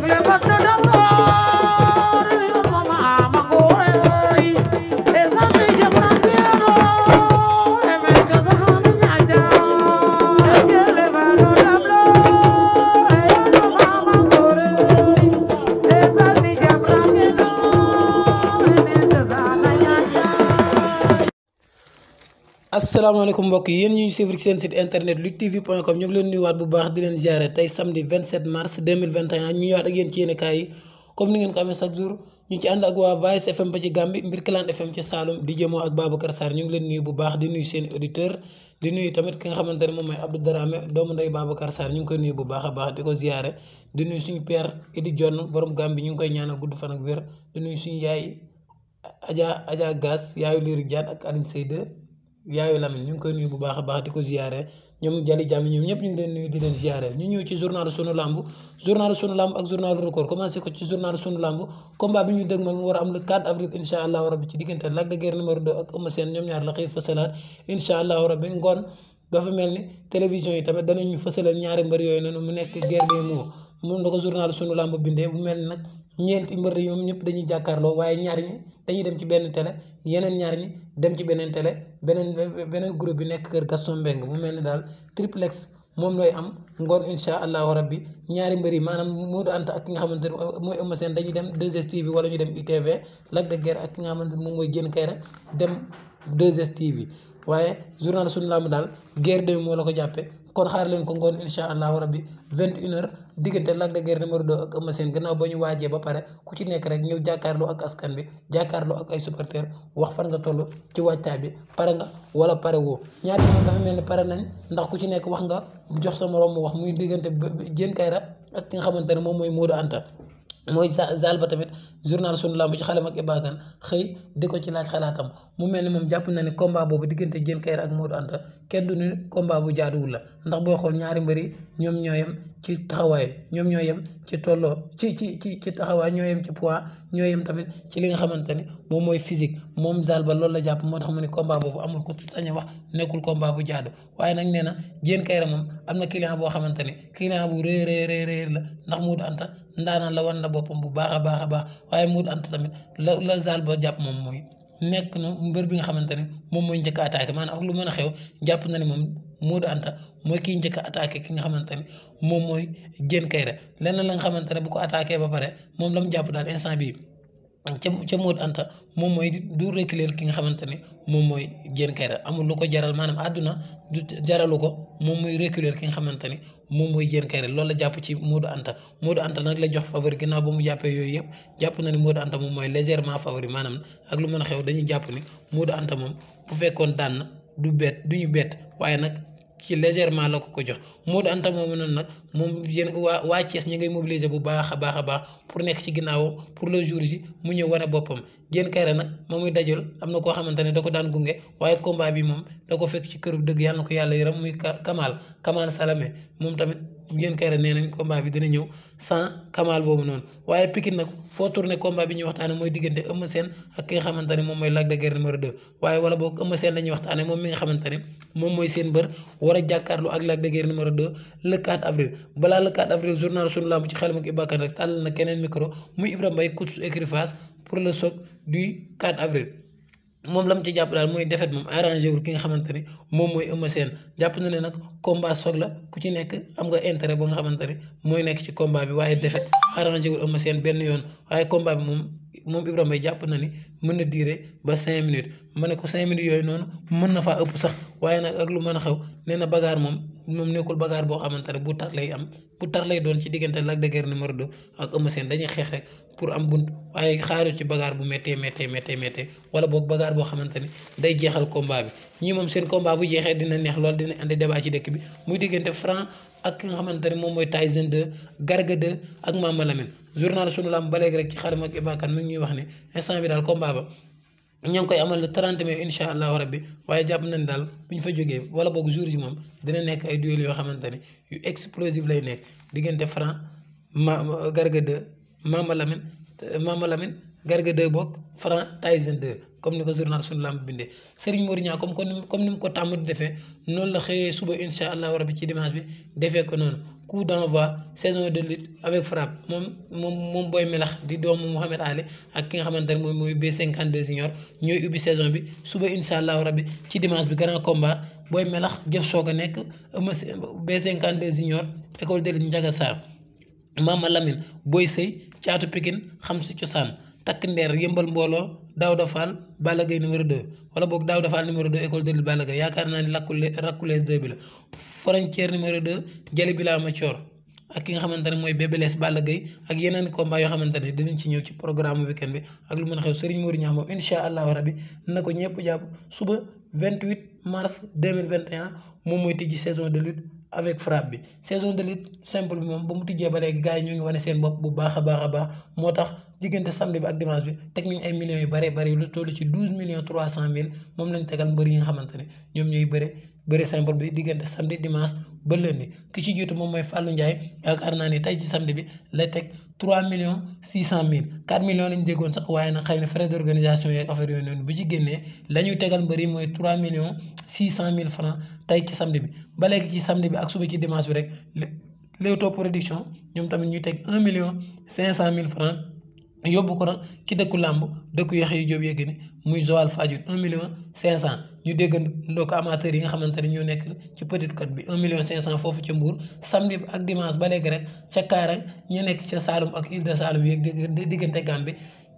Give me a bottle of asalaamaaleykum mbokk yéen ñu internet luttetv.com ñu ngi leen nuyuwaat bu baax di leen ziare tey samedi 27 mars 2021 ñu ñëwaat ak yéen ci yéenekaay yi comme ni ngeen ko amee chaque jour ñu ci ànd ak waa Vice FM ba ci Gambie mbir Kilaan FM ci Saalum di jëmoo ak Babacar ngi leen nuyu bu baax di nuyu seen auditeur di nuyu tamit ki nga xamante ne moom mooy Abdou Dramé doomu ndey Babacar Sarr ñu ngi koy nuyu bu baax a baax di ko ziare di nuyu suñu père Idi John borom Gambie ñu ngi koy ñaanal gudd fan ak wér di nuyu suñu yaay Adja Adja Gass yaayu Lirou Diane ak Aline Seyde yaayu Lamine ñu ngi koy nuyu bu baax baax di ko ziyaare ñoom Jali Jami ñoom ñëpp ñu ngi nuyu di leen ziyaare ñu ñëw ci journal sunu lamb journal sunu lamb ak journal sunu lamb combat mu yi tamit danañu fësalal ñaari mbër yooyu mel ni nag ñeenti mbër yi moom ñëpp dañuy jàkkaarloo waaye ñaar ñi dañuy dem ci benn télé yeneen ñaar ñi dem ci beneen télé beneen beneen groupe bi nekk kër Gaston Mbengue mu mel ni daal triplex moom looy am ngoon incha allahu rabbi ñaari mbër yi maanaam Modou Anta ak ki nga xamante ne mooy Eumeu Sène dañuy dem 2STV wala ñu dem ITV Lac de Guiers ak ki nga xamante ne moom mooy génn Diène Kaïré dem 2STV waaye journal suñu lamb daal guerre de moo la ko jàppee. kon xaar leen ko ngoon incha allahu rabbi vingt une heure diggante Lac de Guiers numéro 2 ak Eumeu Sène gannaaw ba ñu waajee ba pare ku ci nekk rek ñëw jàkkaarloo ak askan bi jàkkaarloo ak ay supporters wax far nga toll ci waajtaay bi pare nga wala pare woo ñaari moom dafa mel ni pare nañ ndax ku ci nekk wax nga jox sa morom mu wax muy diggante Diène Kayra ak ki nga xamante ne moom mooy Modou Anta mooy zal ba tamit journal sunu lamb ci xale mag Iba Kane xëy di ko ci laaj xalaatam mu mel ni moom jàpp na ni combat boobu diggante Diène Kaïré ak Modou Anta kenn du ni bu jaaduwul la ndax boo xool ñaari mbëri ñoom ñoo yem ci taxawaay ñoom ñoo yem ci tolloo ci ci ci ci taxawaay ñoo yem ci poids ñoo yem tamit ci li nga xamante ni moom mooy physique moom zal ba loolu la jàpp moo tax mu ni combat boobu amul ko sañ a wax nekkul combat bu waaye nag nee na Diène Kaïré moom am na client boo xamante ni client bu réer la ndax Modou Anta ndaanaan la wan na boppam bu baax a baax a baax waaye Modou Anta tamit la la zaal boo jàpp moom mooy nekk na mbër bi nga xamante ne moom mooy njëkk a attaqué lu mën a xew jàpp na ne moom Modou Anta mooy kii njëkk a attaqué ki nga xamante ne moom mooy Diène Kaïré lenn la nga xamante ne bu ko attaqué ba pare moom la mu jàpp daal instant bii. ca ca Modou Anta moom mooy du reculer ki nga xamante ne moom mooy Diène Kaïré amul lu ko jaral maanaam àdduna du jaralu ko moom mooy reculer ki nga xamante ne moom la jàpp ci Modou Anta ba mu jàppee yooyu yëpp jàpp na ni Modou Anta moom mooy légèrement favori maanaam ak lu mën a xew dañuy jàpp ni Modou Anta moom bu fekkoon daan na du bett du ñu bett waaye nag ci légèrement la ko jox Modou Anta moomu noonu nag moom yéen waa waa Thiès ñu ngay mobiliser bu baax a baax a baax pour nekk ci ginnaaw pour le jour ji mu ñëw wane boppam Diène Kaïré nag moom muy dajal am na koo xamante ne da ko daan gunge waaye combat bi moom da ko fekk ci këru dëgg yàlla na ko yàlla yaram muy Kamal Kamal Salamé moom tamit Diène Kaïré nee nañ combat bi dana ñëw san Kamal boobu noonu waaye Pikine nag foo tourné combat bi ñuy waxtaane mooy diggante Eumeu Sène ak ki nga moom mooy Lac de Guiers numéro 2 waaye wala boog Eumeu Sène la moom mi nga xamante ne moom mooy seen mbër war a jàkkaarloo ak Lac de Guiers numéro 2 le 4 avril balaa le 4 avril journal sunu lamb ci xel mag Ibakan rek tàllal na keneen micro muy Ibrahima Mbaye coach écurie pour le choc du 4 avril. moom lam ci jàpp daal mooy defet moom arrangé ki nga xamante ni moom mooy Eumeu Sène jàpp na ne nag combat soog la ku ci nekk am nga intérêt ba nga xamante ni mooy nekk ci combat bi waaye defet arrangé wul benn yoon waaye combat moom moom Ibrahima Mbaye jàpp na ni mën na durer ba cinq minutes ma ne ko cinq minutes yooyu noonu mën na faa ëpp sax waaye nag ak lu mën a xew nee bagaar moom moom nekkul bagaar boo xamante ne bu tar lay am bu tar lay doon ci diggante Lac de Guiers numéro 2 ak Eumeu Sène dañuy xeex rek pour am bunt waaye xaaru ci bagaar bu méttee méttee méttee méttee wala boog bagaar boo xamante ne day jeexal combat bi ñii moom seen combat bu jeexee dina neex lool dina indi débat ci dëkk bi muy diggante Franc ak ki nga xamante ne moom mooy Tyson 2 Garga 2 ak Mama Lamine journal sunu lamb ba léegi rek ci xaram ak Ibakan mi ngi ñuy wax ne instant bi daal combat ñoo ngi koy amal le 30 mai incha allahu rabbi waaye jàpp nañ daal bu ñu fa jógee wala boog jour ji moom dina nekk ay duel yoo xamante ne yu explosive lay nekk diggante Franc ma Garga 2 Mama Lamine Mama Lamine Garga 2 bokk Franc Tyson 2 comme ni ko journal suñu lamb bindee Serigne Mor Niang comme comme ni mu ko tàmm di defee noonu la xëyee suba incha allahu rabbi ci dimanche bi defee ko noonu. coup d'envoi saison de lutte avec frappe moom moom moom Boy Melax di doomu Mouhamed Ali ak ki nga xamante ne mooy mooy B52 Junior ñooy ubbi saison bi suba incha allahu rabbi ci dimanche bi grand combat Boy Melax jëf soog a nekk B52 Junior école de lutte Ndiaga Sarr Mama Lamine Boy Sey caatu Pikine xam si cosaan. takk ndeer yëmbal mbooloo Daouda Fall Balla Gaye numéro 2 wala boog Daouda Fall numéro 2 école de lutte Balla yaakaar naa ni lakkule rakkulees 2 bi la frontière numéro 2 jëli ma coor ak ki nga mooy bébélees Balla Gaye ak yeneen combat yoo xamante ne dinañ ci ñëw ci programme weekend bi ak lu mën a xew Serigne Mourou Niang moom incha allahu rabi na ko ñëpp jàpp suba mars moom mooy tijji saison de lutte avec frappe bi saison de lutte simple bi moom ba mu tijjee ba léegi gars yi ñu ngi wane seen bopp bu baax a baax a baax moo tax diggante samedi bi ak dimanche bi teg nañ ay millions yu bare bare lu toll ci douze millions trois cent mille moom lañ tegal mbër yi nga xamante ne ñoom ñooy bëre bëre simple bi diggante samedi dimanche ba lundi ki ci jiitu moom mooy Fallou Ndiaye yaakaar naa ni tey ci samedi bi la teg 3 millions 600 mille 4 millions lañ déggoon sax waaye nag xëy na frais d'organisation yeeg affaire yooyu noonu bu ci génnee la ñuy tegal mbëri mooy 3 millions 600 mille francs tey ci samedi bi ba léegi ci samedi bi ak suba ci dimanche bi rek Leewtoo production ñoom tamit ñuy teg 1 million 500 mill francs yóbbu ko nag ki dëkku làmb dëkku yax yu jóob yëg ni muy Joal Fadiouth un million cinq cent ñu déggandoo ko amateurs yi nga xamante ne ñoo nekk ci petite côte bi un million cinq cent foofu ca Mbour samedi ak dimanche ba léegi rek ca Kaarang ñu nekk ca Saloum ak Île de Saloum yëg diggante Gambie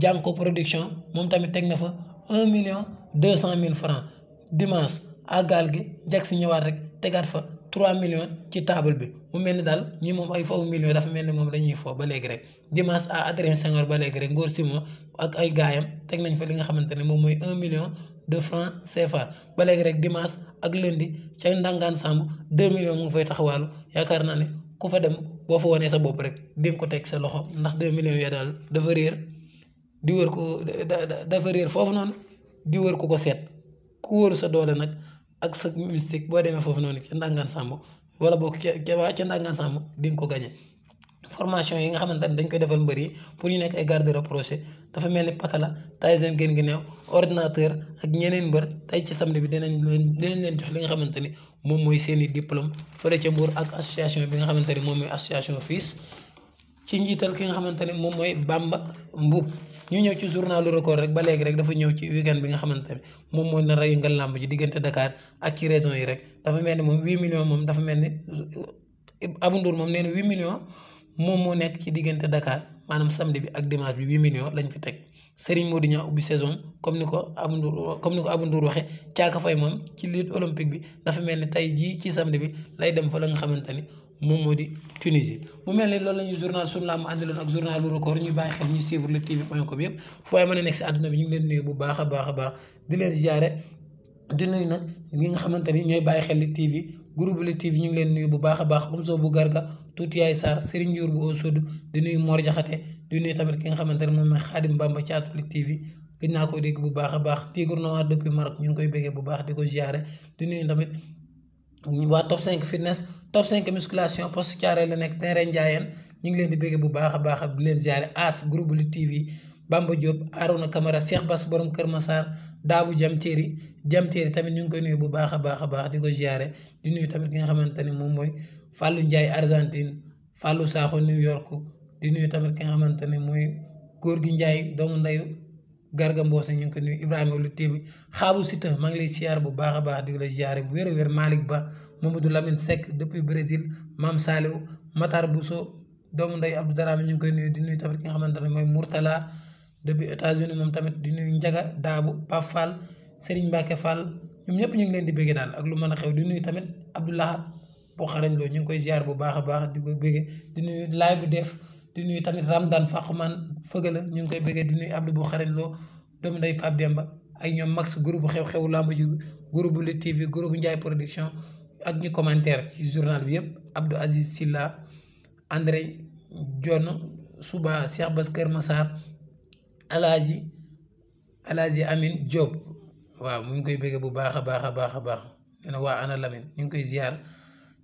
Jànko production moom tamit teg na fa un million deux cent mille francs dimanche à gaal gi jag si ñëwaat rek tegaat fa 3 millions ci table bi mu mel ni daal ñi moom ay faw millions dafa mel ni moom dañuy fo ba léegi rek Dimanche à Adrien Senghor ba léegi rek Ngor Simon ak ay gaayam teg nañ fa li nga xamante ne moom mooy 1 million de franc CFA ba léegi rek Dimanche ak lundi ca Ndangaan Samb 2 millions mu ngi fay taxawaalu yaakaar naa ne ku fa dem boo fa wanee sa bopp rek di ko teg sa loxo ndax deux millions yooyu daal dafa réer di wër ko dafa réer foofu noonu di ko ko seet sa doole nag. ak sa mystique boo demee foofu noonu ca ndàngaan sàmm wala boog ca waa ca ndàngaan sàmm nga ko gañe formation yi nga xamante dañ koy defal mbër yi pour ñu nekk ay garde rapproché dafa mel ni pakala Tyson gën gi neew ordinateur ak ñeneen mbër tey ci samedi bi dinañ leen dinañ leen jox li nga xamante ni moom mooy seen i diplôme fële ca Mbour ak association bi nga xamante ni moom mooy association FILS ci njiital ki nga xamante ne moom mooy Bamba Mbuub ñu ñëw ci journalu record rek ba léegi rek dafa ñëw ci weekend bi nga xamante ne moom mooy na rayu nga làmb ji diggante dakaar ak ci région yi rek dafa mel ni moom 8 millions moom dafa mel ni Abou moom nee na 8 millions moom moo nekk ci diggante dakaar maanaam samedi bi ak dimanche bi 8 million lañu fi teg. Serigne Modou Niang ubbi saison comme ni ko Abou Ndour comme ni ko Abou Ndour waxee caaka fay moom ci lutte olympique bi dafa mel ni tey jii ci samedi bi lay dem fa la nga xamante ni moom moo di Tunisie. mu mel ni loolu la ñuy journal suñu làmb àndiloon ak journal lu record ñu bàyyi xel ñu suivre Lutte TV point com yëpp fu waay mën a nekk si àdduna bi ñu ngi leen nuyu bu baax a baax a baax di leen ziare di nuyu nag ñi nga xamante ni ñooy bàyyi xel li TV groupe Lutte TV ñu ngi leen nuyu bu baax a baax Omzo bu Garga tuuti yaay Sarr Serigne Ndiour bu Ousseynou di nuyu Mor jaxate di nuyu tamit ki nga xamante ne moom mooy Khadim Bamba caatu Lutte TV gëj naa ko dégg bu baax a baax Tigre Noir depuis Maroc ñu ngi koy béggee bu baax di ko ziare di nuyu tamit waa top 5 fitness top 5 musculation post carré la nekk terrain Ndiayeen ñu ngi leen di béggee bu baax a baax di leen ziare as groupe Lutte TV. Bamba Diop Arouna Camara Cheikh Bass borom Kër Massar Daabu Jam Téeri tamit ñu ngi koy nuyu bu baax a baax a baax di ko ziare di nuyu tamit ki nga xamante ne moom mooy Fallou Ndiaye Argentine Fallou Sakho New York di nuyu tamit ki nga xamante ne mooy góor gi Ndiaye doomu ndeyu Garga Mbossé ñu ngi koy nuyu Ibrahima lu tébi xaabu sita maa ngi lay ziare bu baax a baax di la ziare bu wér a wér Malick Ba Mamadou Lamine Seck depuis Brésil Mame Saliou Matar Bousso doomu ndeyu Abdou Darame ñu ngi koy nuyu di tamit ki nga mooy Mourtala depuis États-Unis moom tamit di nuyu Njaga Daabu Pape Serigne Mbacke Fall ñoom ñëpp ñu ngi leen di bëgge daal ak lu mën a xew di nuyu tamit Abdoulahat bu xarañ loo ñu ngi koy ziar bu baax a baax di ko bëgge di nuyu bu def di nuyu tamit Ramdan Faxuman Fëgala ñu ngi koy bëgge di nuyu Abdou bu xarañ loo doomu nday Pape Demba ak ñoom max groupe xew-xewu làmb ji groupe Lutte TV groupe Ndiaye production ak ñu commentaire ci journal bi yëpp Abdou Aziz Silla André Dione Souba Cheikh Bass Kër Massar alaaji alaaji Amin Diop waaw mu ngi koy bëggee bu baax a baax a baax a baax waa ana Lamine ñu ngi koy ziar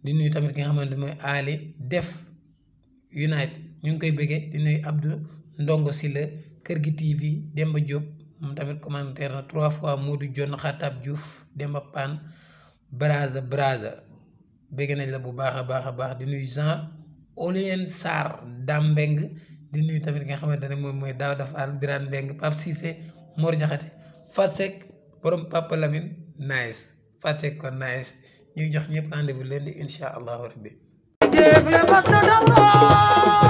di nuyu tamit ki nga xamante mooy ale Def United ñu ngi koy bëggee di nuy Abdou Ndongo Sylla Kër gi TV Demba Diop moom tamit commentaire na trois fois Modou John Xatab Diouf Demba Pan Braza Braza bëgg nañ la bu baax a baax a baax di nuyu Jean Olien Sarr Dambeng di nuyu tamit nga xamante ne moom mooy Daouda Fall Birane Mbengue Pape Cissé Mor Diakhaté Fatou Seck borom Papa Lamine nice Fatou kon nice ñuy jox ñëpp rendez leen di incha allahu rabbi